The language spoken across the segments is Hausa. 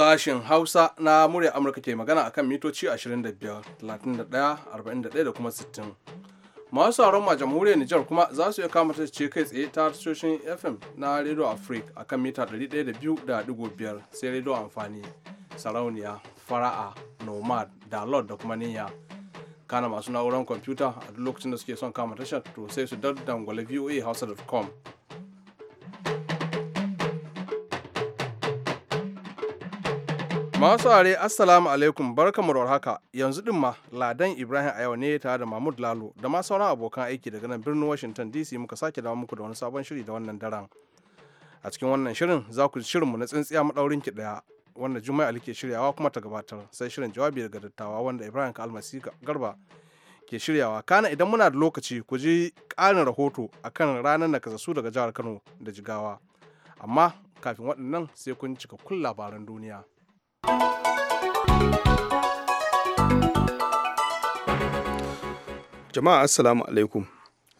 sashen hausa na murya amurka ke magana akan mitoci 25 31 41 da kuma 60 masu sauran ma jamhuriyar nijar kuma za su iya kama ce kai tsaye ta tashoshin fm na radio africa akan mita 102.5 sai radio amfani sarauniya fara'a nomad da da kuma niyya kana masu na'urar kwamfuta a duk lokacin da suke son kama tashar to sai su daddangwale voa hausa.com Masu are Assalamu alaikum barkamu da haka yanzu din ma Ladan Ibrahim a yau ne tare da Mahmud Lalo da ma sauran abokan aiki daga nan birnin Washington DC muka sake dawo muku da wani sabon shiri da wannan daren. A cikin wannan shirin za ku shirinmu na tsintsiya maɗaurin ki ɗaya wanda Juma'a Ali ke shiryawa kuma ta gabatar sai shirin jawabi daga dattawa wanda Ibrahim Kalmasi Garba ke shiryawa kana idan muna da lokaci ku ji ƙarin rahoto akan ranar nakasassu daga jihar Kano da Jigawa. Amma kafin waɗannan sai kun cika cikakkun labaran duniya. Jama'a Assalamu alaikum.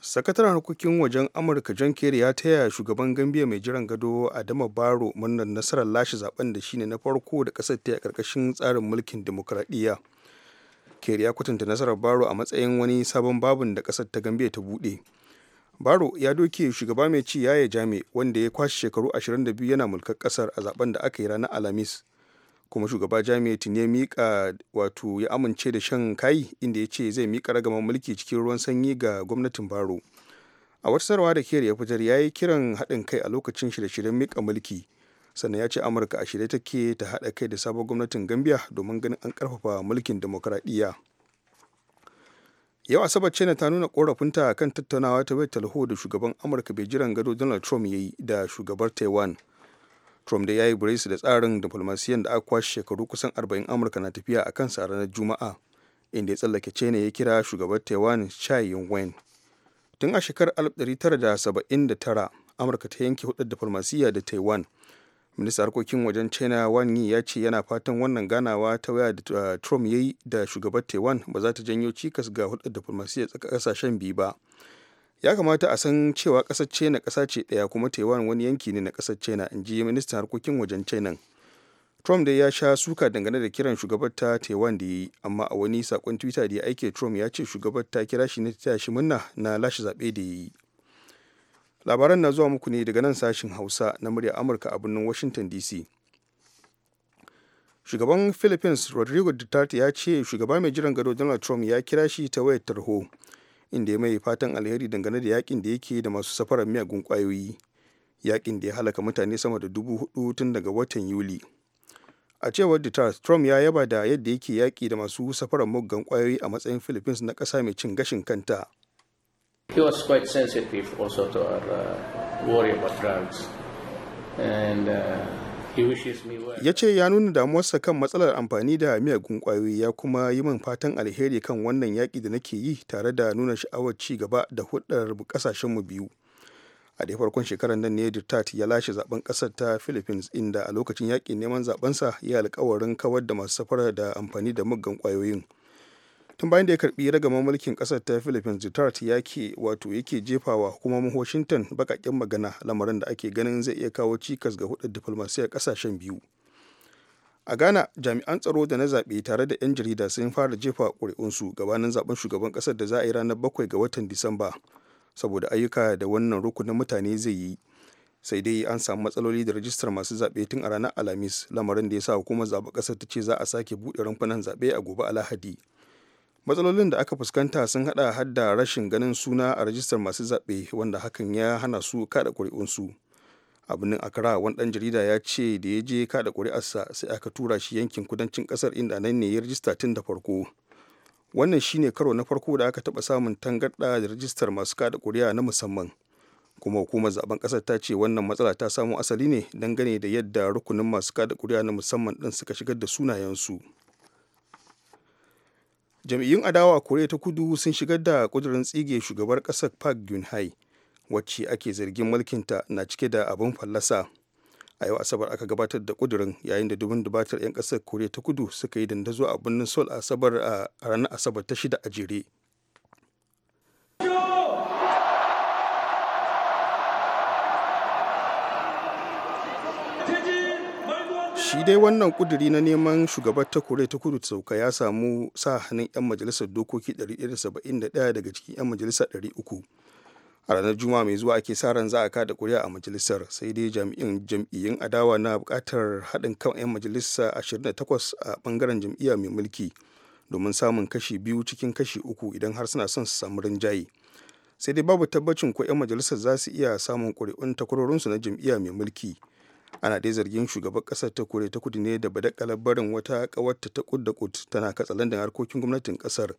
Sakataren harkokin wajen Amurka John Kerry ya taya shugaban Gambia mai jiran gado Adama Baro murnar nasarar lashe zaben da shine na farko da kasar ta a karkashin tsarin mulkin demokradiyya. Kerry ya kwatanta nasarar Baro a matsayin wani sabon babin da kasar ta Gambia ta bude. Baro ya doke shugaba mai ci yaya jami wanda ya kwashe shekaru 22 yana mulkar kasar a zaben da aka yi ranar Alhamis. kuma shugaba jami'atin ya mika wato ya amince da shan kayi inda ya ce zai mika ragaman mulki cikin ruwan sanyi ga gwamnatin baro a wata sarwa da kiyar ya fitar ya yi kiran haɗin kai a lokacin shirye-shiryen mika mulki sannan ya ce amurka a shirye take ta haɗa kai da sabon gwamnatin gambia domin ganin an karfafa mulkin demokuraɗiyya yau asabar china ta nuna korafinta kan tattaunawa ta bai talho da shugaban amurka bai jiran gado donald trump ya yi da shugabar taiwan trump da ya yi brace da tsarin diflomasiyan da aka kwashe shekaru kusan 40 amurka na tafiya a kansa ranar juma'a inda ya tsallake china ya kira shugaban taiwan chai yin tun a shekarar 1979 amurka ta yanke hudar diflomasiyya da taiwan minista harkokin wajen china wang yi ya ce yana fatan wannan ganawa ta waya da uh, trump ya yi da shugaban taiwan ba za ta janyo cikas ga hudar diflomasiyya tsakanin kasashen biyu ba ya kamata a san cewa ƙasar china ƙasa ce ɗaya kuma taiwan wani yanki ne na ƙasar china in ji ministan harkokin wajen china trump dai ya sha suka dangane da kiran shugabar ta taiwan da ya yi amma a wani sakon twitter da ya aike trump ya ce shugabar ta kira shi na ta shi munna na lashe zaɓe da ya yi labaran na zuwa muku ne daga nan sashin hausa na murya amurka a birnin washington dc shugaban philippines rodrigo duterte ya ce shugaba mai jiran gado donald trump ya kira shi ta wayar tarho inda ya mai fatan alheri dangane da yakin da yake da masu safarar miyagun kwayoyi yakin da ya halaka mutane sama da dubu hudu tun daga watan yuli a cewar duterte trump ya yaba da yadda yake yaki da masu safarar muggan kwayoyi a matsayin philippines na ƙasa mai cin gashin kanta He was quite sensitive also to our uh, worry about drugs. And uh, ya ce ya nuna damuwarsa kan matsalar amfani da miyagun kwayoyi ya kuma yi min fatan alheri kan wannan yaƙi da nake yi tare da nuna sha'awar ci gaba da hudar mu biyu a dai farkon shekarar nan ne dirtat ya lashe zaben ƙasar ta philippines inda a lokacin yaƙin neman zabensa ya alkawarin kawar da masu safara da amfani da muggan kwayoyin tun bayan da ya karbi ragaman mulkin kasar ta philippines duterte ya ke wato yake jefawa hukumomin washington bakaƙen magana lamarin da ake ganin zai iya kawo cikas ga hudar diplomasiyar kasashen biyu a ghana jami'an tsaro da na zaɓe tare da 'yan jarida sun fara jefa ƙuri'unsu gabanin zaben shugaban ƙasar da za a yi ranar bakwai ga watan disamba saboda ayyuka da wannan rukunin mutane zai yi sai dai an samu matsaloli da rajistar masu zaɓe tun a ranar alhamis lamarin da ya sa hukumar zaɓe ƙasar ta ce za a sake buɗe rumfunan zaɓe a gobe alhadi matsalolin da aka fuskanta sun hada hadda rashin ganin suna a rajistar masu zaɓe wanda hakan ya hana su kada ƙuri'unsu a birnin accra wani ɗan jarida ya ce da ya je kada ƙuri'arsa sai aka tura shi yankin kudancin kasar inda nan ne ya rajista tun da farko wannan shine karo na farko da aka taɓa samun tangarɗa da rajistar masu kada ƙuri'a na musamman kuma hukumar zaben ƙasar ta ce wannan matsala ta samo asali ne dangane da yadda rukunin masu kada ƙuri'a na musamman ɗin suka shigar da sunayensu. jam'iyyun adawa koriya ta kudu sun shigar da kudurin tsige shugabar kasar park geun-hye wacce ake zargin mulkinta na cike da abin fallasa a yau asabar aka gabatar da kudurin yayin da dubin dubatar 'yan kasar koriya ta kudu suka yi dandazo a birnin seoul asabar a ranar asabar ta shida a jere shi dai wannan kuduri na neman shugabar ta kure ta kudu sauka ya samu sa hannun 'yan majalisar dokoki 171 daga cikin 'yan majalisar 300 a ranar juma'a mai zuwa ake sa ran za a kada kuri'a a majalisar sai dai jami'in jam'iyyun adawa na bukatar haɗin kan 'yan majalisa 28 a bangaren jam'iyya mai mulki domin samun kashi biyu cikin kashi uku idan har suna son su samu rinjaye sai dai babu tabbacin ko 'yan majalisar za su iya samun ƙuri'un takwarorinsu na jam'iyya mai mulki ana dai zargin shugaban ƙasar ta kure ta kudu ne da bada barin wata ƙawarta ta kudda da kud tana katsalandan harkokin gwamnatin kasar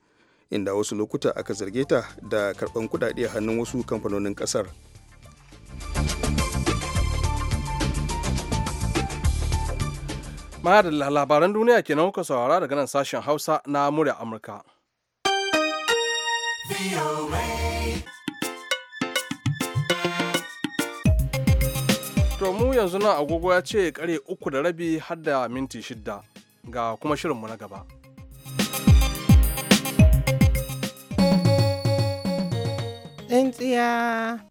inda wasu lokuta aka zarge ta da karban kuɗaɗe a hannun wasu kamfanonin kasar mahadin labaran duniya kenan kuka saurara daga nan sashen Hausa na murya Amurka. To yanzu nan agogo ya ce kare uku da rabi har da minti shidda ga kuma shirinmu na gaba. Tsintsiya.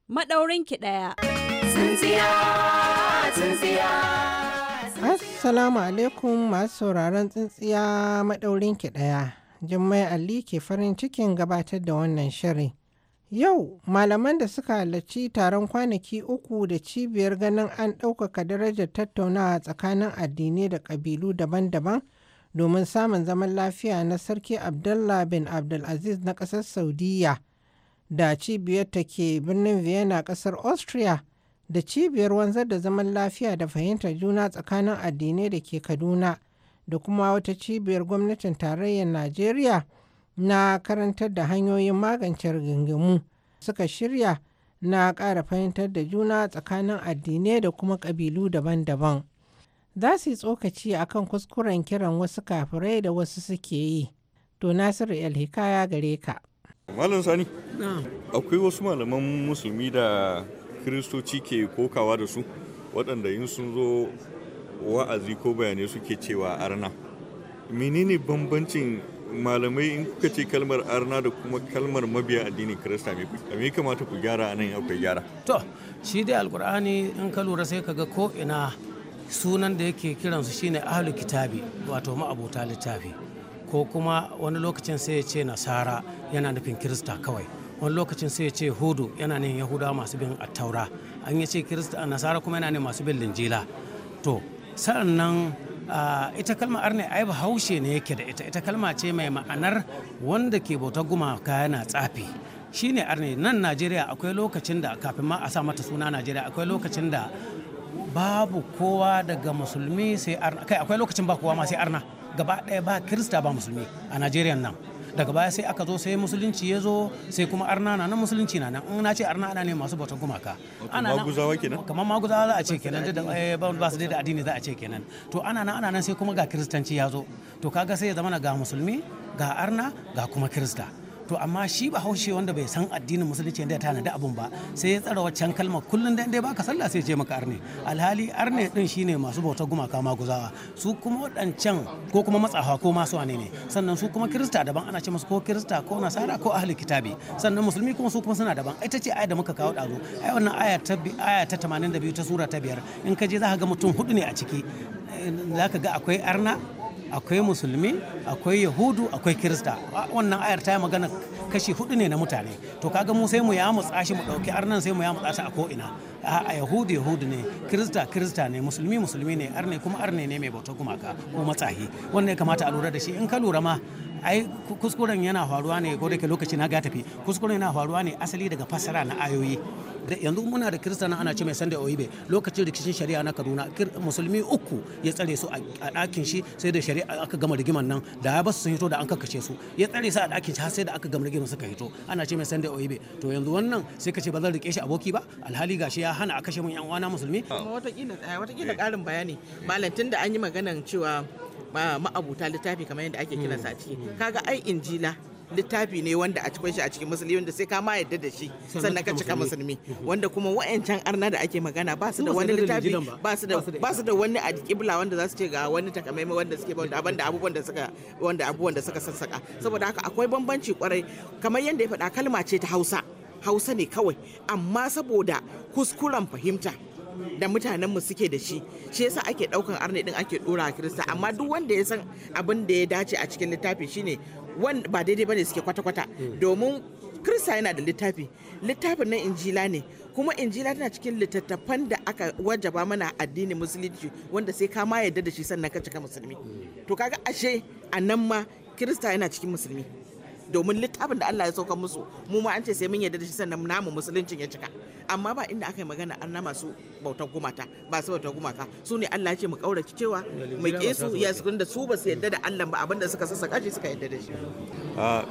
ki ɗaya. Tsintsiya, tsintsiya. Assalamu alaikum masu sauraron tsintsiya maɗaurinki ɗaya. Jummai Ali ke farin cikin gabatar da wannan shirin. Yau malaman da suka halarci taron kwanaki uku da cibiyar ganin an ɗaukaka darajar tattaunawa tsakanin addinai da ƙabilu daban-daban domin samun zaman lafiya na Sarki Abdullah bin Abdulaziz na ƙasar Saudiyya da cibiyar ta ke birnin Vienna ƙasar Austria da cibiyar wanzar da zaman lafiya da fahimtar juna tsakanin addinai da ke Kaduna da kuma wata cibiyar gwamnatin tarayyar Najeriya. na karantar da hanyoyin magance rigingimu suka shirya na ƙara fahimtar da juna tsakanin addinai da kuma ƙabilu daban-daban. Za su yi tsokaci a kan kuskuren kiran wasu kafirai da wasu suke yi. To Nasiru alhikaya gare ka. Malam Sani, akwai wasu malaman musulmi da kiristoci ke kokawa da su waɗanda in sun zo wa'azi ko bayanai suke cewa arna. Menene bambancin malamai in kuka ce kalmar arna da kuma kalmar mabiya addinin kirista me kamata ku gyara anan akwai gyara to shi dai alkur'ani in ka lura sai ka ga ko ina sunan da yake kiransu shine ahlu kitabi wato ma'abota littafi ko kuma wani lokacin sai ya ce nasara yana nufin kirista kawai wani lokacin sai ya ce hudu yana nufin yahudawa masu bin attaura an ya ce kirista nasara kuma yana nufin masu bin linjila to sa'an Ah, ita kalma arne ai haushe ne yake da ita ita kalma ce mai ma'anar wanda ke bauta gumaka yana tsafi shine arne nan najeriya akwai lokacin da kafin ma a sa mata suna najeriya akwai lokacin da babu kowa daga musulmi sai arna kai akwai lokacin ba kowa ma sai arna gaba ɗaya ba kirista ba musulmi a najeriya nan daga baya sai aka zo sai musulunci ya zo sai kuma arna na nan musulunci na nan na ce arna ana ne masu bautan gumaka ana maguzawa kenan kamar maguzawa za a ce kenan da eh, ba su da addini za a ce kenan to ana nan ana nan sai kuma ga kiristanci ya zo to kaga sai ya zama ga musulmi ga arna ga kuma kirista to amma shi ba haushe wanda bai san addinin musulunci da tana da abun ba sai ya tsara waccan kalma kullum da dai baka sallah sai ce maka arne alhali arne din shine masu bautar gumaka ma guzawa su kuma wadancan ko kuma matsafa ko masu wane ne sannan su kuma kirista daban ana ce musu ko kirista ko nasara ko ahli kitabi sannan musulmi kuma su kuma suna daban ita ce aya da muka kawo dazu ai wannan aya ta aya ta 82 ta sura ta biyar in ka je za ka ga mutum hudu ne a ciki eh, za ka ga akwai arna akwai musulmi akwai yahudu akwai kirista wannan ayar ta yi magana kashi hudu ne na mutane to kaga mu sai mu ya mu tsashi mu dauki arnan sai mu ya mu a ko ina a yahudu yahudu ne kirista kirista ne musulmi musulmi ne arne kuma arne ne mai bauta gumaka ko matsahi wannan ya kamata a lura da shi in ka lura ma ai kuskuren yana faruwa ne ko da ke lokaci na ga tafi kuskuren yana faruwa ne asali daga fasara na ayoyi yanzu muna da kiristana ana ce mai sanda oibe lokacin rikicin shari'a na kaduna musulmi uku ya tsare su a ɗakin shi sai da shari'a aka gama rigiman nan da ya basu sun hito da an kakkace su ya tsare su a ɗakin shi har sai da aka gama rigiman suka hito ana ce mai sanda oibe to yanzu wannan sai ka ce ba zan rike shi aboki ba alhali gashi ya hana a kashe mun yan uwana musulmi kila eh, ƙarin bayani malam tunda an yi maganan cewa ma'abuta littafi kamar yadda ake kiransa a ciki hmm. kaga ai injila littafi ne wanda a cikin shi a cikin musulmi wanda sai ka ma yadda da shi sannan ka cika musulmi hmm. wanda kuma wa'ancan arna da ake magana ba su da wani littafi ba su da ba su da wani alƙibla wanda za su ce ga wani takamaimai wanda suke ba abin da abubuwan da suka wanda abubuwan da suka sassaka saboda haka akwai bambanci kwarai kamar yadda ya faɗa kalma ce ta Hausa Hausa ne kawai amma saboda kuskuren fahimta da mutanen mu suke da shi shi yasa ake daukan arne din ake dora kirista amma duk wanda ya san abin da ya dace a cikin littafi shine ba daidai bane suke kwata-kwata hmm. domin kirista yana da littafi littafin na injila ne kuma injila tana cikin littattafan da aka wajaba mana addinin musulunci wanda sai ka ma yadda da shi sannan ka cika musulmi hmm. to kaga ashe a nan ma kirista yana cikin musulmi domin littafin da Allah ya sauka musu mu ma an ce sai mun yarda da shi sannan namu musuluncin ya cika amma ba inda aka yi magana an na masu bautar gumata ba su bautar gumaka su ne Allah ce mu kaurace cewa mu ke su ya su da su ba su yadda da Allah ba abinda suka sassa shi suka yadda da shi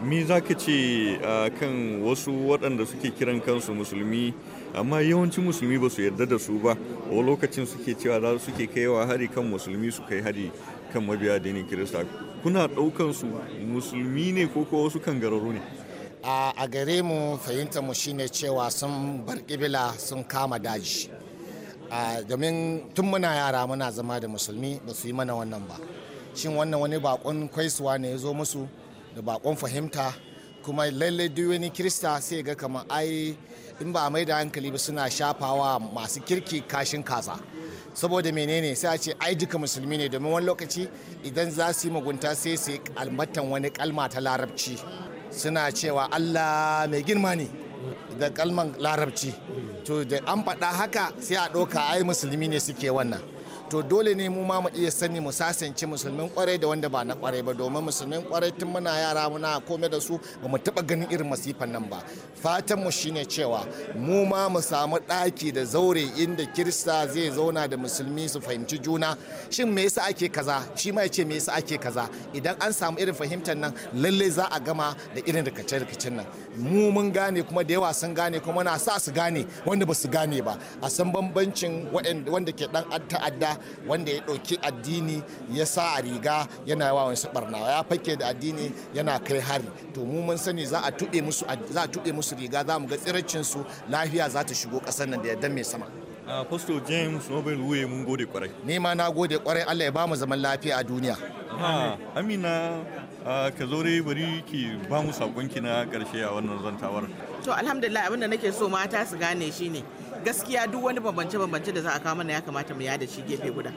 mi ka ce kan wasu waɗanda suke kiran kansu musulmi amma yawancin musulmi ba su yarda da su ba a lokacin suke cewa za su kai kaiwa hari kan musulmi su kai hari kan mabiya addinin kirista kuna ɗaukan su musulmi ne ko kuwa wasu kangararru ne a gare mu fahimta mu shine cewa sun bar kibila sun kama daji domin tun muna yara muna zama da musulmi ba su yi mana wannan ba shin wannan wani bakon kwaisuwa ne ya zo musu da bakon fahimta kuma lallai duk wani kirista sai ga kamar ai in ba mai da hankali ba suna shafawa masu kirki kashin kaza saboda menene sai a ce ai duka musulmi ne domin wani lokaci idan za su yi mugunta sai su yi wani kalma ta larabci suna cewa Allah mai girma ne da kalman larabci to da an faɗa haka sai a ɗauka ai musulmi ne suke wannan to dole ne mu ma mu iya sani mu sasance musulmin kwarai da wanda ba na kwarai ba domin musulmin kwarai tun muna yara muna kome da su ba mu taba ganin irin masifan nan ba fatan mu shine cewa mu ma mu samu ɗaki da zaure inda kirista zai zauna da musulmi su fahimci juna shin me yasa ake kaza shi ma yace me yasa ake kaza idan an samu irin fahimtar nan lalle za a gama da irin rikice-rikicen nan mu mun gane kuma da yawa sun gane kuma na sa su gane wanda ba su gane ba a san bambancin wanda ke dan ta'adda wanda ya ɗauki addini ya sa a riga yana yawa wasu barna ya fake da addini yana kai hari to mu mun sani za a tuɓe musu za a tuɓe musu riga za mu ga tsiracin su lafiya za ta shigo ƙasar nan da yadda mai sama Apostle James Nobel Wuye mun gode kwarai. Nema ma na gode kwarai Allah ya bamu zaman lafiya a duniya. Amina ka zo dai bari ki ba mu sakonki na karshe a wannan zantawar. To alhamdulillah abinda nake so mata su gane shine gaskiya duk wani bambance-bambance da za a kawo mana ya kamata mu yada shi gefe guda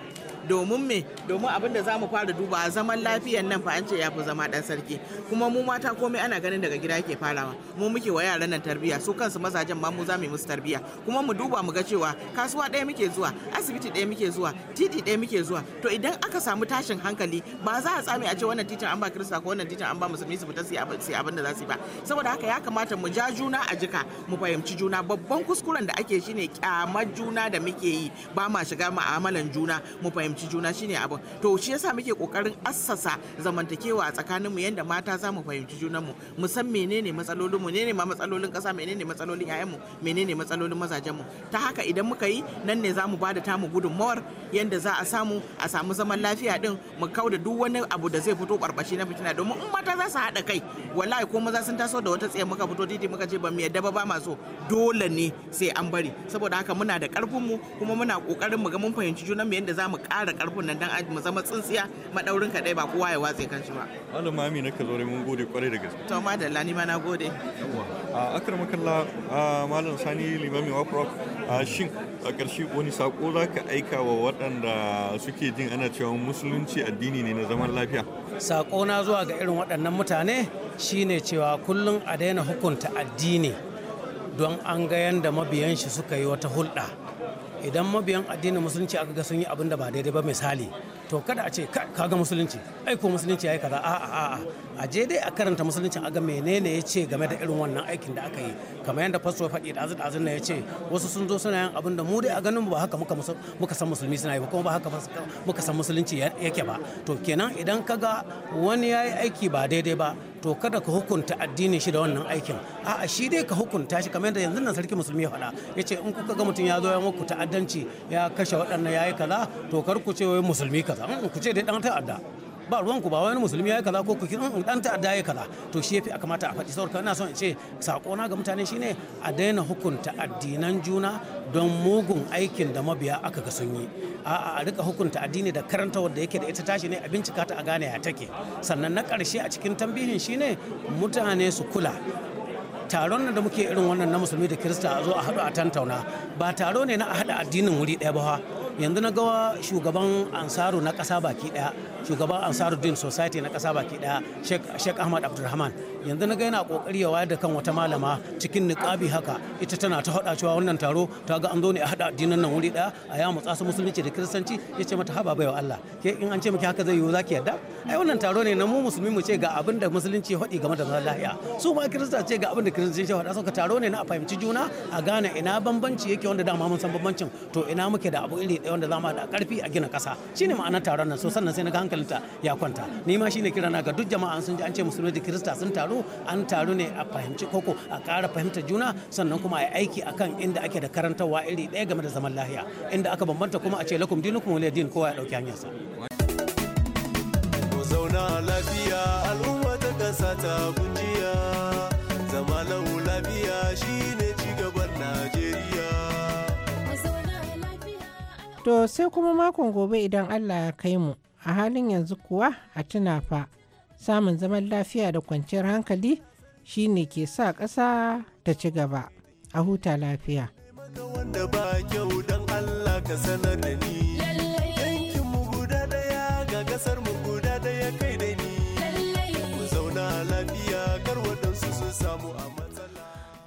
domin me domin abin da za mu fara duba zaman lafiyan nan fa an ce ya fi zama dan sarki kuma mu mata komai ana ganin daga gida ke farawa mu muke wa yaran nan tarbiyya su kansu mazajen ma mu za mu yi musu tarbiyya kuma mu duba mu ga cewa kasuwa ɗaya muke zuwa asibiti ɗaya muke zuwa titi ɗaya muke zuwa to idan aka samu tashin hankali ba za a tsame a ce wannan titin an ba kirista ko wannan titin an ba musulmi su fita su abin da za su yi ba saboda haka ya kamata mu ja juna a jika mu fahimci juna babban kuskuren da ake shine kyamar juna da muke yi ba ma shiga ma'amalan juna mu fahimci fahimci juna shine abin to shi yasa muke kokarin assasa zamantakewa a tsakaninmu yadda mata za mu fahimci junanmu mu san menene matsalolinmu menene ma matsalolin kasa menene matsalolin ƴaƴanmu menene matsalolin mazajenmu ta haka idan muka yi nan ne za mu ba da mu gudunmawar yadda za a samu a samu zaman lafiya din mu da duk wani abu da zai fito barbashi na fitina domin in mata za su haɗa kai wallahi ko maza sun taso da wata tsaye muka fito titi muka ce ba mu yadda ba ba so dole ne sai an bari saboda haka muna da karfin mu kuma muna ƙoƙarin mu ga mun fahimci junanmu yadda za mu ƙara ƙara ƙarfin nan dan mu zama tsintsiya madaurin ka dai ba kowa ya watse shi ba mami na ka zore mun gode kwarai da gaske to da ni ma na gode a kalla malam sani limami a shin a ƙarshe wani sako za ka aika wa waɗanda suke jin ana cewa musulunci addini ne na zaman lafiya sako na zuwa ga irin waɗannan mutane shine cewa kullum a daina hukunta addini don an ga yadda mabiyan shi suka yi wata hulɗa idan mabiyan addinin musulunci aka ga sun yi abin da ba daidai ba misali to kada a ce ka ga musulunci ai ko musulunci yi kaza a'a a'a a je dai a karanta musulunci a ga menene ya ce game da irin wannan aikin da aka yi kamar yadda fasto faɗi da azu da ya ce wasu sun zo suna yin abin da mu dai a ganin ba haka muka san musulmi suna yi ba kuma ba haka muka san musulunci yake ba to kenan idan ka ga wani ya yi aiki ba daidai ba to kada ka hukunta addinin shi da wannan aikin a'a shi dai ka hukunta shi kamar yadda yanzu nan sarki musulmi ya faɗa ya ce in kuka ga mutum ya zo ya muku ta'addanci ya kashe waɗannan ya yi kaza to kar ku ce wai musulmi kaza mm, ku ce dai dan ta'adda ba ruwan ku ba wani musulmi ya yi kaza ko kuki dan mm, ta'adda ya kaza to shi yafi a kamata a faɗi saboda ina son in ce sako na ga mutane shine a daina hukunta addinan juna don mugun aikin da mabiya aka ga sun yi a rika hukunta addini da karanta wanda yake da ita tashi ne a bincika ta a gane ya take sannan na ƙarshe a cikin tambihin shine mutane su kula taron da muke irin wannan na musulmi da kirista a zo a haɗu a tantauna ba taro ne na a haɗa addinin wuri ɗaya ba yanzu na gawa shugaban ansaru na kasa baki daya shugaban ansaru din society na kasa baki daya sheikh ahmad abdulrahman yanzu na ga yana kokari ya wayar da kan wata malama cikin niqabi haka ita tana ta hada cewa wannan taro ta ga an zo ne a hada addinan nan wuri daya a ya mutsa su musulunci da kiristanci ya ce mata haba baiwa Allah ke in an ce miki haka zai yiwu zaki yadda ai wannan taro ne na mu musulmi mu ce ga abin da musulunci hadi game da zaman lafiya su ma kirista ce ga abin da kristanci ya hada suka taro ne na a fahimci juna a gane ina bambanci yake wanda dama mun san bambancin to ina muke da abu iri daya wanda mu da karfi a gina kasa shine ma'anar taron nan so sannan sai na ga hankalinta ya kwanta ni ma shine kirana ga duk jama'a sun ji an ce musulmi da kirista sun taro taru an taru ne a fahimci koko a ƙara fahimtar juna sannan kuma a aiki akan inda ake da karantarwa iri ɗaya game da zaman lahiya inda aka bambanta kuma a ce lakum dinukum waliya din kowa ya ɗauki hanyarsa. zauna lafiya al'umma ta kasa ta zama lau najeriya to sai kuma makon gobe idan allah ya kai mu a halin yanzu kuwa a tuna fa samun zaman lafiya da kwanciyar hankali shine ke sa ƙasa ta ci gaba a huta lafiya. wanda ba ga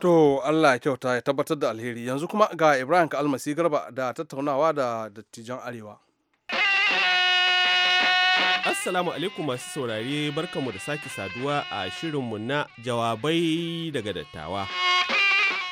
To Allah ya kyauta ya tabbatar da alheri yanzu kuma ga Ibrahim kalmasi almasi garba da tattaunawa da dattijan Arewa. Assalamu alaikum masu saurare barkamu da sake saduwa a shirinmu na jawabai daga dattawa.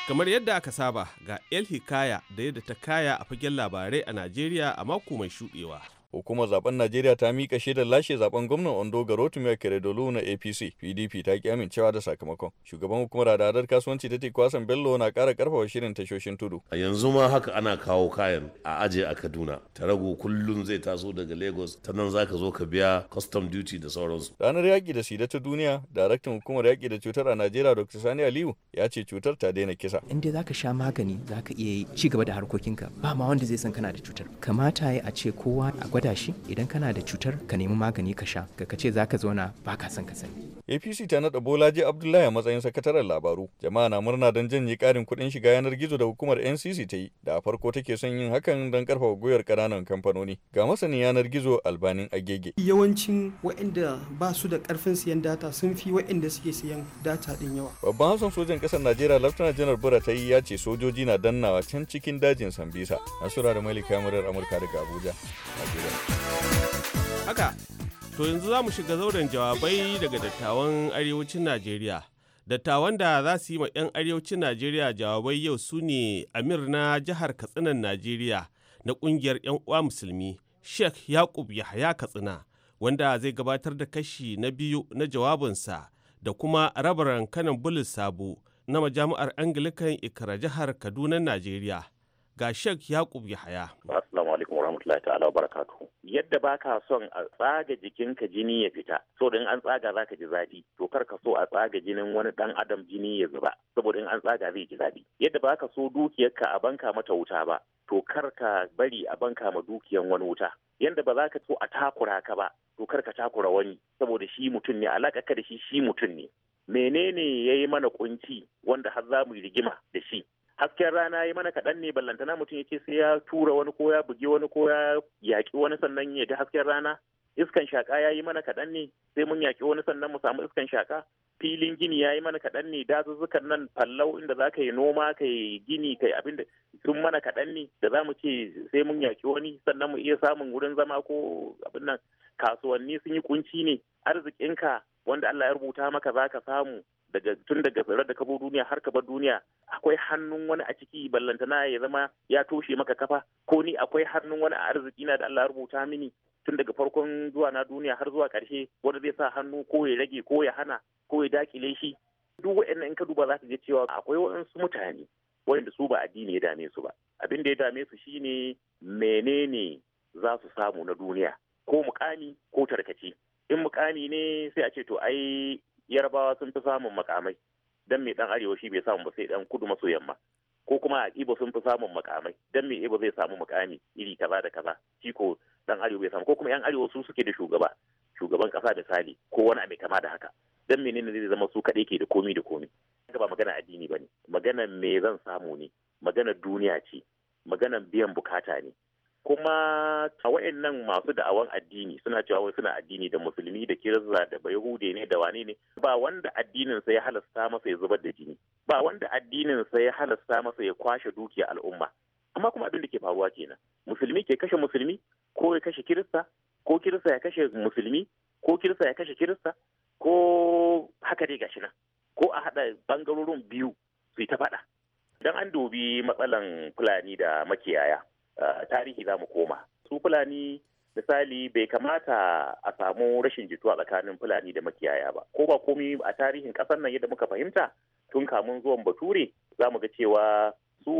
Kamar yadda aka saba ga El Hikaya da yadda ta kaya a fagen labarai a Najeriya a mako mai shuɗewa. hukumar zaben najeriya ta mika shaidar lashe zaben gwamnan ondo ga rotimi akeredolu na apc pdp ta ki amincewa da sakamakon shugaban hukumar hadadar kasuwanci ta kwasan bello na kara karfafa shirin tashoshin tudu a yanzu ma haka ana kawo kayan a aje a kaduna Ta rago kullum zai taso daga lagos ta nan za ka zo ka biya custom duty da sauransu ranar yaƙi da sida ta duniya daraktan hukumar yaƙi da cutar a najeriya dr sani aliyu ya ce cutar ta daina kisa in dai zaka sha magani zaka iya ci gaba da harkokinka ba ma wanda zai san kana da cutar kamata ya a ce kowa a gwada shi idan kana da cutar ka nemi magani ka sha ka ce za ka zauna ba ka san ka sani APC ta naɗa Bolaji Abdullahi a matsayin sakataren labaru. Jama'a na murna don janye ƙarin kuɗin shiga yanar gizo da hukumar NCC ta yi, da a farko take son yin hakan don ƙarfafa gwiwar ƙananan kamfanoni. Ga masanin yanar gizo albanin agege. Yawancin waɗanda ba su da ƙarfin siyan data sun fi waɗanda suke siyan data ɗin yawa. Babban Hassan sojan ƙasar Najeriya Laftana Janar Bura ta yi ya ce sojoji na dannawa can cikin dajin Sambisa. Nasura da Malika Murar Amurka daga Abuja. To yanzu za mu shiga zauren jawabai daga dattawan arewacin Najeriya. Dattawan da za su yi ma 'yan arewacin Najeriya jawabai yau su ne Amir na jihar Katsinan Najeriya na ƙungiyar 'yan uwa musulmi Sheikh Yakub Yahaya Katsina wanda zai gabatar da kashi na biyu na jawabinsa da kuma rabaran kanan bulus sabo na majami'ar Anglican Ikra jihar Kaduna Najeriya. Ga Sheikh Yakub Yahaya. rahmatullahi ta'ala barakatuhu yadda baka son a tsaga jikinka jini ya fita so in an tsaga zaka ji zafi to kar ka so a tsaga jinin wani dan adam jini ya zuba saboda in an tsaga zai ji zafi yadda baka so dukiyarka a banka mata wuta ba to kar ka bari a banka ma dukiyan wani wuta yadda ba za ka so a takura ka ba to kar ka takura wani saboda shi mutum ne alaka ka da shi shi mutum ne menene ya yi mana kunci wanda har za mu yi rigima da shi hasken rana ya mana kaɗan ne ballantana mutum yake sai ya tura wani ko ya bugi wani ko ya yaƙi wani sannan ya ji hasken rana iskan shaka ya yi mana kaɗan ne sai mun yaƙi wani sannan mu samu iskan shaka filin gini ya yi mana kaɗan ne dazuzzukan nan fallau inda za ka yi noma ka yi gini ka yi abin da sun mana kaɗan ne da za mu ce sai mun yaƙi wani sannan mu iya samun wurin zama ko abin nan kasuwanni sun yi kunci ne arzikinka wanda Allah ya rubuta maka za ka samu daga tun daga tsirar da kabo duniya har kaba duniya akwai hannun wani a ciki ballantana ya zama ya toshe maka kafa ko ni akwai hannun wani a arziki na da Allah ya rubuta mini tun daga farkon zuwa na duniya har zuwa karshe wanda zai sa hannu ko ya rage ko ya hana ko ya dakile shi duk waɗannan in ka duba za ka je cewa akwai waɗansu mutane wanda su ba addini ya dame su ba abin da ya dame su shine menene za su samu na duniya ko mukami ko tarkace in mukami ne sai a ce to ai yarbawa sun fi samun makamai dan me dan arewa shi bai samu ba sai dan kudu maso yamma ko kuma a ibo sun fi samun makamai dan me ibo zai samu mukami iri kaza da kaza shi ko dan arewa bai samu ko kuma yan arewa su suke da shugaba shugaban kasa da sali ko wani abu kama da haka dan menene zai zama su kaɗai ke da komi da komi ba magana addini bane magana me zan samu ne magana duniya ce maganan biyan bukata ne kuma a wa'annan masu da'awan addini suna cewa wai suna addini da musulmi da kirista da bayahude ne da wane ne ba wanda addinin sai ya halasta masa ya zubar da jini ba wanda addinin sai ya halasta masa ya kwashe dukiya al'umma amma kuma abin da ke faruwa kenan musulmi ke kashe musulmi ko ya kashe kirista ko kirista ya kashe musulmi ko kirista ya kashe kirista ko haka dai gashi nan ko a haɗa bangarorin biyu su yi ta faɗa dan an dubi matsalan fulani da makiyaya Eh, tarihi za mu koma su fulani misali bai kamata a samu rashin jituwa tsakanin fulani da makiyaya ba ko ba komi a tarihin ƙasar nan yadda muka fahimta tun kamun zuwan bature za mu ga cewa su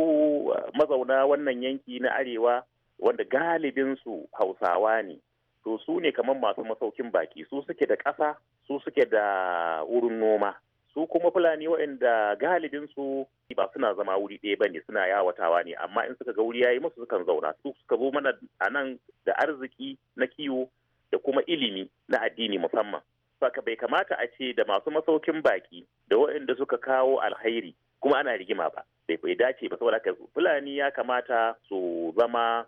eh, mazauna wannan yanki na arewa wanda galibinsu hausawa ne to su ne kamar masu masaukin baki su suke da ƙasa su suke da wurin noma su kuma fulani waɗanda galibin su ba suna zama wuri ɗaya bane suna yawatawa ne amma in suka ga wuri yayi musu sukan zauna su suka zo mana a nan da arziki na kiwo da kuma ilimi na addini musamman saka bai kamata a ce da masu masaukin baki da waɗanda suka kawo alhairi kuma ana rigima ba bai bai dace ba saboda fulani ya kamata su zama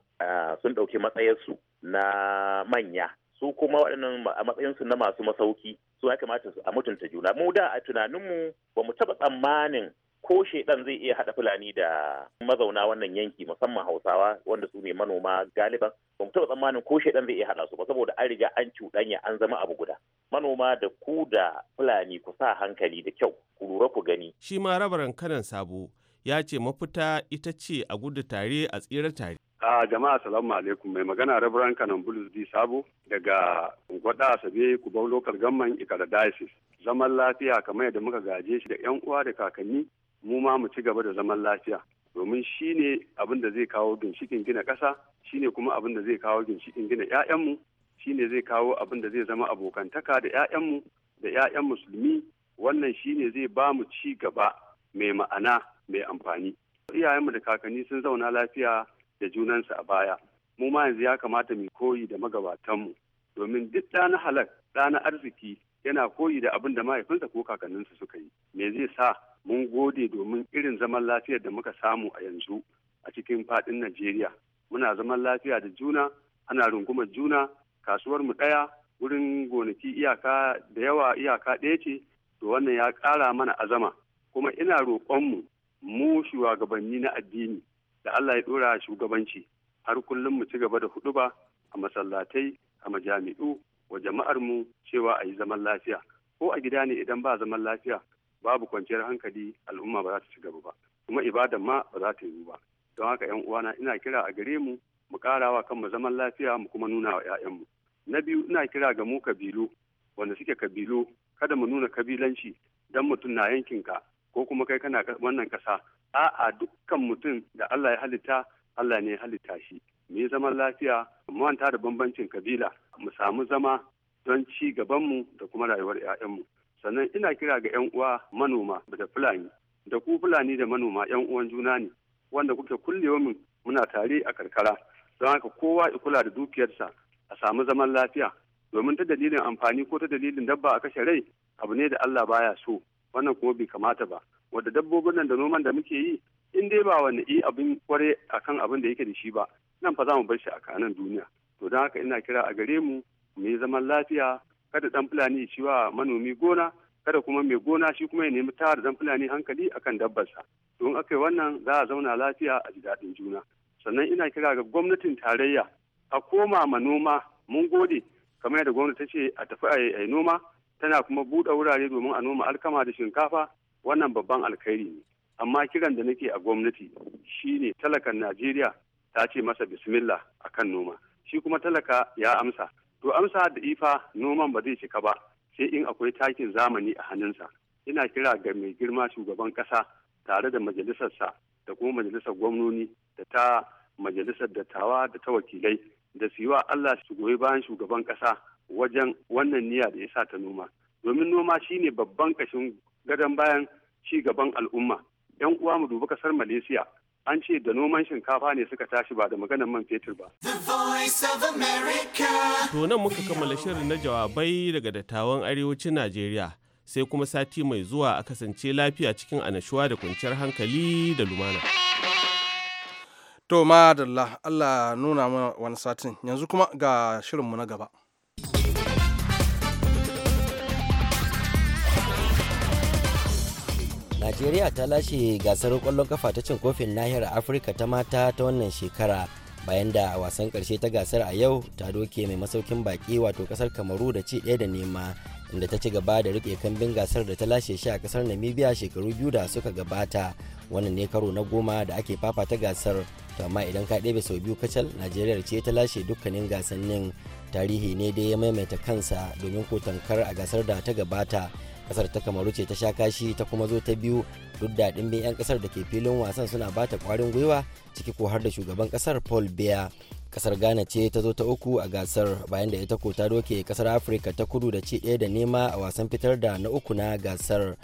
sun ɗauki matsayarsu na manya su kuma waɗannan a matsayinsu na masu masauki su ya kamata a mutunta juna mu da a tunaninmu ba mu taɓa tsammanin ko shaidan zai iya haɗa fulani da mazauna wannan yanki musamman hausawa wanda su ne manoma galiban ba mu taɓa tsammanin ko shaidan zai iya haɗa su ba saboda an riga an cuɗanya an zama abu guda manoma da ku da fulani ku sa hankali da kyau ku lura ku gani shi ma rabaran kanan sabo ya ce mafita ita ce a gudu tare a tsira tare A jama'a salamu alaikum mai magana Reverend Kanan Bulus Di Sabo daga Gwada Asabe Kubau Local Gamman Ikada Diocese. Zaman lafiya kamar yadda muka gaje shi da 'yan uwa da kakanni mu ma mu ci gaba da zaman lafiya. Domin shi ne abin da zai kawo ginshikin gina ƙasa, shi ne kuma abin da zai kawo ginshikin gina 'ya'yanmu, shi ne zai kawo abin da zai zama abokantaka da 'ya'yanmu da 'ya'yan musulmi wannan shi ne zai ba mu ci gaba mai ma'ana mai amfani. Iyayenmu da kakanni sun zauna lafiya da junansa a baya mu ma yanzu ya kamata mu koyi da magabatanmu domin duk ɗana halak ɗana arziki yana koyi da abin da mahaifinsa ko kakanninsu suka yi me zai sa mun gode domin irin zaman lafiyar da muka samu a yanzu a cikin faɗin najeriya muna zaman lafiya da juna ana rungumar juna kasuwar mu ɗaya wurin gonaki iyaka da yawa iyaka ɗaya ce to wannan ya ƙara mana azama kuma ina roƙonmu mu shugabanni na addini da Allah ya dora shugabanci har kullum mu ci gaba da ba a masallatai a majami'u wa jama'ar mu cewa a yi zaman lafiya ko a gida ne idan ba zaman lafiya babu kwanciyar hankali al'umma ba za ta ci gaba ba kuma ibadan ma ba za ta yi ba don haka yan uwana ina kira a gare mu mu karawa kanmu zaman lafiya mu kuma nuna wa mu na biyu ina kira ga mu kabilu wanda suke kabilu kada mu nuna kabilanci dan mutum na yankinka ko kuma kai kana wannan kasa a'a dukkan mutum da Allah ya halitta Allah ne ya halitta shi mu yi zaman lafiya mu manta da bambancin kabila mu samu zama don ci gabanmu da kuma rayuwar 'ya'yanmu sannan ina kira ga 'yan uwa manoma da fulani da ku fulani da manoma 'yan uwan juna ne wanda kuke kullewa mu muna tare a karkara don haka kowa ya kula da dukiyarsa a samu zaman lafiya domin ta dalilin amfani ko ta dalilin dabba a kashe rai abu ne da Allah baya so wannan kuma bai kamata ba wadda dabbobin nan da noman da muke yi in dai ba wani i abin kware a kan abin da yake da shi ba nan fa za mu bar shi a kanan duniya to don haka ina kira a gare mu mu zaman lafiya kada dan fulani shi wa manomi gona kada kuma mai gona shi kuma ya nemi tara dan fulani hankali akan dabbarsa don aka yi wannan za a zauna lafiya a ji daɗin juna sannan ina kira ga gwamnatin tarayya a koma ma noma mun gode kamar yadda gwamnati ta ce a tafi a yi noma tana kuma buɗe wurare domin a noma alkama da shinkafa wannan babban alkhairi ne amma kiran da nake a gwamnati shine talakan najeriya ta ce masa bismillah a kan noma shi kuma talaka ya amsa to amsa da ifa noman ba zai cika ba sai in akwai takin zamani a hannunsa ina kira ga mai girma shugaban kasa tare da majalisarsa da kuma majalisar gwamnoni da ta majalisar dattawa da ta wakilai da su yi wa Allah su goyi bayan shugaban kasa wajen wannan niyya da ya sa ta noma domin noma shine babban kashin gadon bayan ci gaban al'umma yan uwa mu dubi kasar malaysia an ce da noman shinkafa ne suka tashi ba da maganar man fetur ba. To nan muka kammala shirin na jawabai daga dattawan arewacin Najeriya sai kuma sati mai zuwa a kasance lafiya cikin anashuwa da kwanciyar hankali da lumana. To madalla Allah nuna mana wani satin yanzu kuma ga shirin mu na gaba. najeriya ta lashe gasar kwallon kafa ta cin kofin nahiyar afirka ta mata ta wannan shekara bayan da wasan karshe ta gasar a yau ta doke mai masaukin baki wato kasar kamaru da ci ɗaya da nema inda ta ci gaba da rike kambin gasar da ta lashe shi a kasar namibia shekaru biyu da suka gabata wannan ne karo na goma da ake fafata gasar to amma idan ka ɗebe sau biyu kacal najeriya ce ta lashe dukkanin gasannin tarihi ne dai ya maimaita kansa domin kotankar a gasar da ta gabata kasar ta kamaru ce ta sha kashi ta kuma zo ta biyu duk da dimbin 'yan kasar da ke filin wasan suna ba ta kwarin gwiwa ciki ko har da shugaban kasar paul biya kasar ghana ce ta zo ta uku a gasar bayan da ita ko ta doke kasar afirka ta kudu da ci ɗaya da nema a wasan fitar da na uku na gasar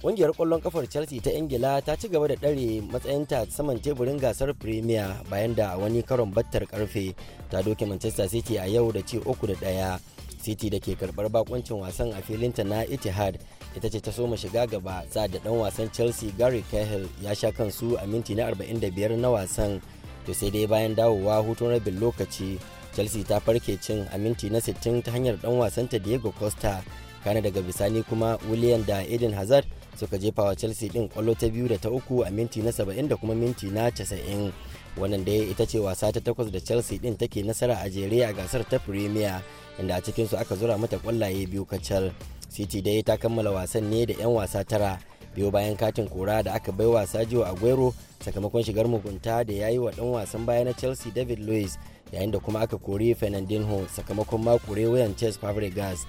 ƙungiyar kwallon kafar chelsea ta ingila ta ci gaba da ɗare matsayinta saman teburin gasar premier bayan da a wani karon battar karfe ta doke manchester city a yau da ci uku da ɗaya city da ke karbar bakuncin wasan a filinta na itihad ita ce ta soma shiga gaba sa da dan wasan chelsea gary cahill ya sha kansu a minti na 45 na wasan to sai dai bayan dawowa hutun rabin lokaci chelsea ta farke cin a minti na 60 ta hanyar dan wasanta diego costa kana daga bisani kuma william da eden hazard suka jefa wa chelsea din kwallo ta biyu da ta uku a minti na 70 da kuma minti na 90 wannan da ita ce wasa ta takwas da chelsea din take nasara a jere a gasar ta premier inda a cikinsu aka zura mata kwallaye biyu kacal city dai ta kammala wasan ne da 'yan wasa tara biyu bayan katin kora da aka bai wasa a Aguero sakamakon shigar mugunta da ya yi wa ɗan wasan baya na Chelsea David Luiz yayin da kuma aka kori Fernandinho sakamakon makure wayan chess Fabregas.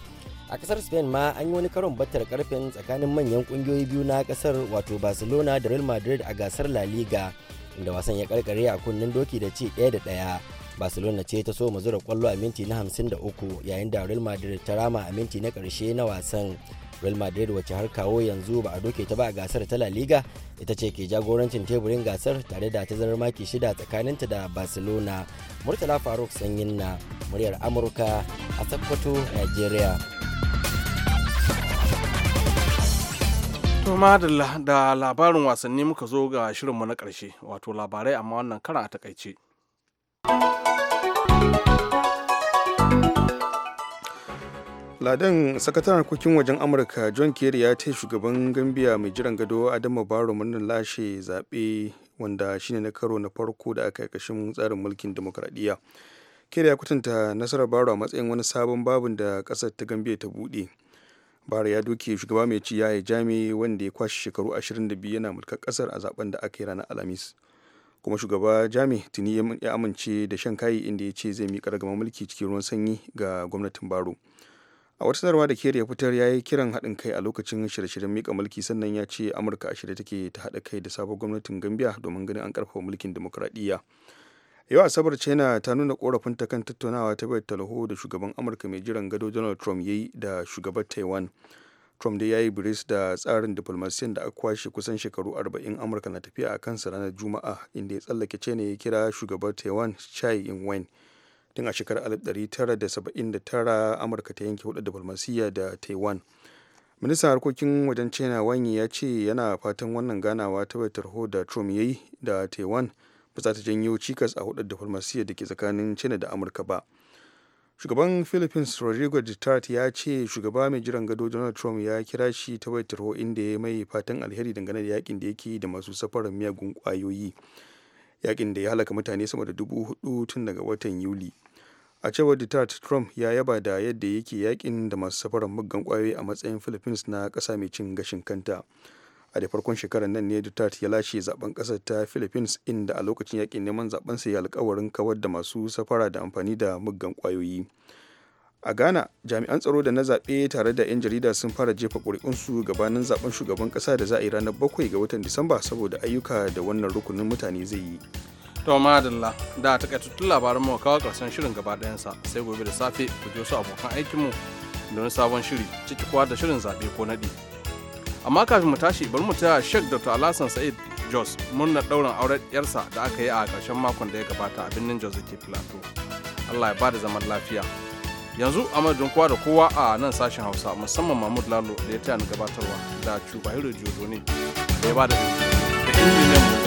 A kasar Spain ma an yi wani karon battar karfin tsakanin manyan kungiyoyi biyu na kasar wato Barcelona da Real Madrid a gasar La Liga inda wasan ya karkare a kunnen doki da ci daya da ɗaya. barcelona ce ta so mu zura kwallo a minti na 53 yayin da real madrid ta rama a minti na karshe na wasan real madrid wacce har kawo yanzu ba a doke ta ba a gasar ta la liga ita ce ke jagorancin teburin gasar tare da tazarar maki shida tsakaninta da barcelona murtala faruk sanyin na muryar amurka a sakkwato nigeria to madalla da labarin wasanni muka zo ga shirinmu na karshe wato labarai amma wannan karan a takaice. ladan sakataren harkokin wajen amurka john kerry ya ce shugaban gambia mai jiran gado adama baro murnar lashe zaɓe wanda shine na karo na farko da aka kashin tsarin mulkin demokradiyya kerry ya kwatanta nasarar baro a matsayin wani sabon babin da ƙasar ta gambia ta buɗe bara ya doke shugaba mai ci yaya jami wanda ya kwashe shekaru 22 yana mulkar ƙasar a zaben da aka yi ranar alhamis kuma shugaba jami tuni ya amince da shan kayi inda ya ce zai miƙa ragama mulki cikin ruwan sanyi ga gwamnatin baro a wata sanarwa da keri ya fitar ya yi kiran haɗin kai a lokacin shirye-shiryen mika mulki sannan ya ce amurka a shirye take ta haɗa kai da sabon gwamnatin gambia domin ganin an ƙarfafa mulkin demokuraɗiyya yau asabar china ta nuna korafinta kan tattaunawa ta bayar talaho da shugaban amurka mai jiran gado donald trump ya yi da shugaban taiwan trump dai ya yi biris da tsarin diplomasiyan da aka kwashe kusan shekaru arba'in amurka na tafiya a kansa ranar juma'a inda ya tsallake china ya kira shugaban taiwan chai ing-wen tun a shekarar 1979 amurka ta yanke hudu diplomasiyya da taiwan ministan harkokin wajen china wanyi ya ce yana fatan wannan ganawa ta tarho da trump ya yi da taiwan ba za ta janyo cikas a hudu diplomasiyya da ke tsakanin china da amurka ba shugaban philippines rodrigo duterte ya ce shugaba mai jiran gado donald trump ya kira shi ta tarho inda ya mai fatan alheri dangane da yakin da yake da masu safarar miyagun kwayoyi yakin da ya halaka mutane sama da dubu hudu tun daga watan yuli a cewar duterte trump ya yaba da yadda yake yakin da masu safarar muggan kwayoyi a matsayin philippines na kasa mai cin gashin kanta a da farkon shekarar nan ne duterte ya lashe zaben kasar ta philippines inda a lokacin yakin neman zaben sa ya alkawarin kawar da masu safara da amfani da muggan kwayoyi a ghana jami'an tsaro da na zaɓe tare da 'yan jarida sun fara jefa ƙuri'unsu gabanin zaben shugaban ƙasa da za a yi ranar bakwai ga watan disamba saboda ayyuka da wannan rukunin mutane zai yi to ma da takaitattun labaran mu kawo ƙarshen shirin gaba ɗayansa sai gobe da safe ku je su abokan aikin mu don sabon shiri ciki kuwa da shirin zaɓe ko naɗi amma kafin mu tashi bari mu taya shek dr alasan sa'id jos murnar ɗaurin auren yarsa da aka yi a ƙarshen makon da ya gabata a birnin jos da ke plateau allah ya ba da zaman lafiya yanzu a madadin kowa da kowa a nan sashen hausa musamman mahmud lalo da ya taya ni gabatarwa da cuba hiro ne da ya ba da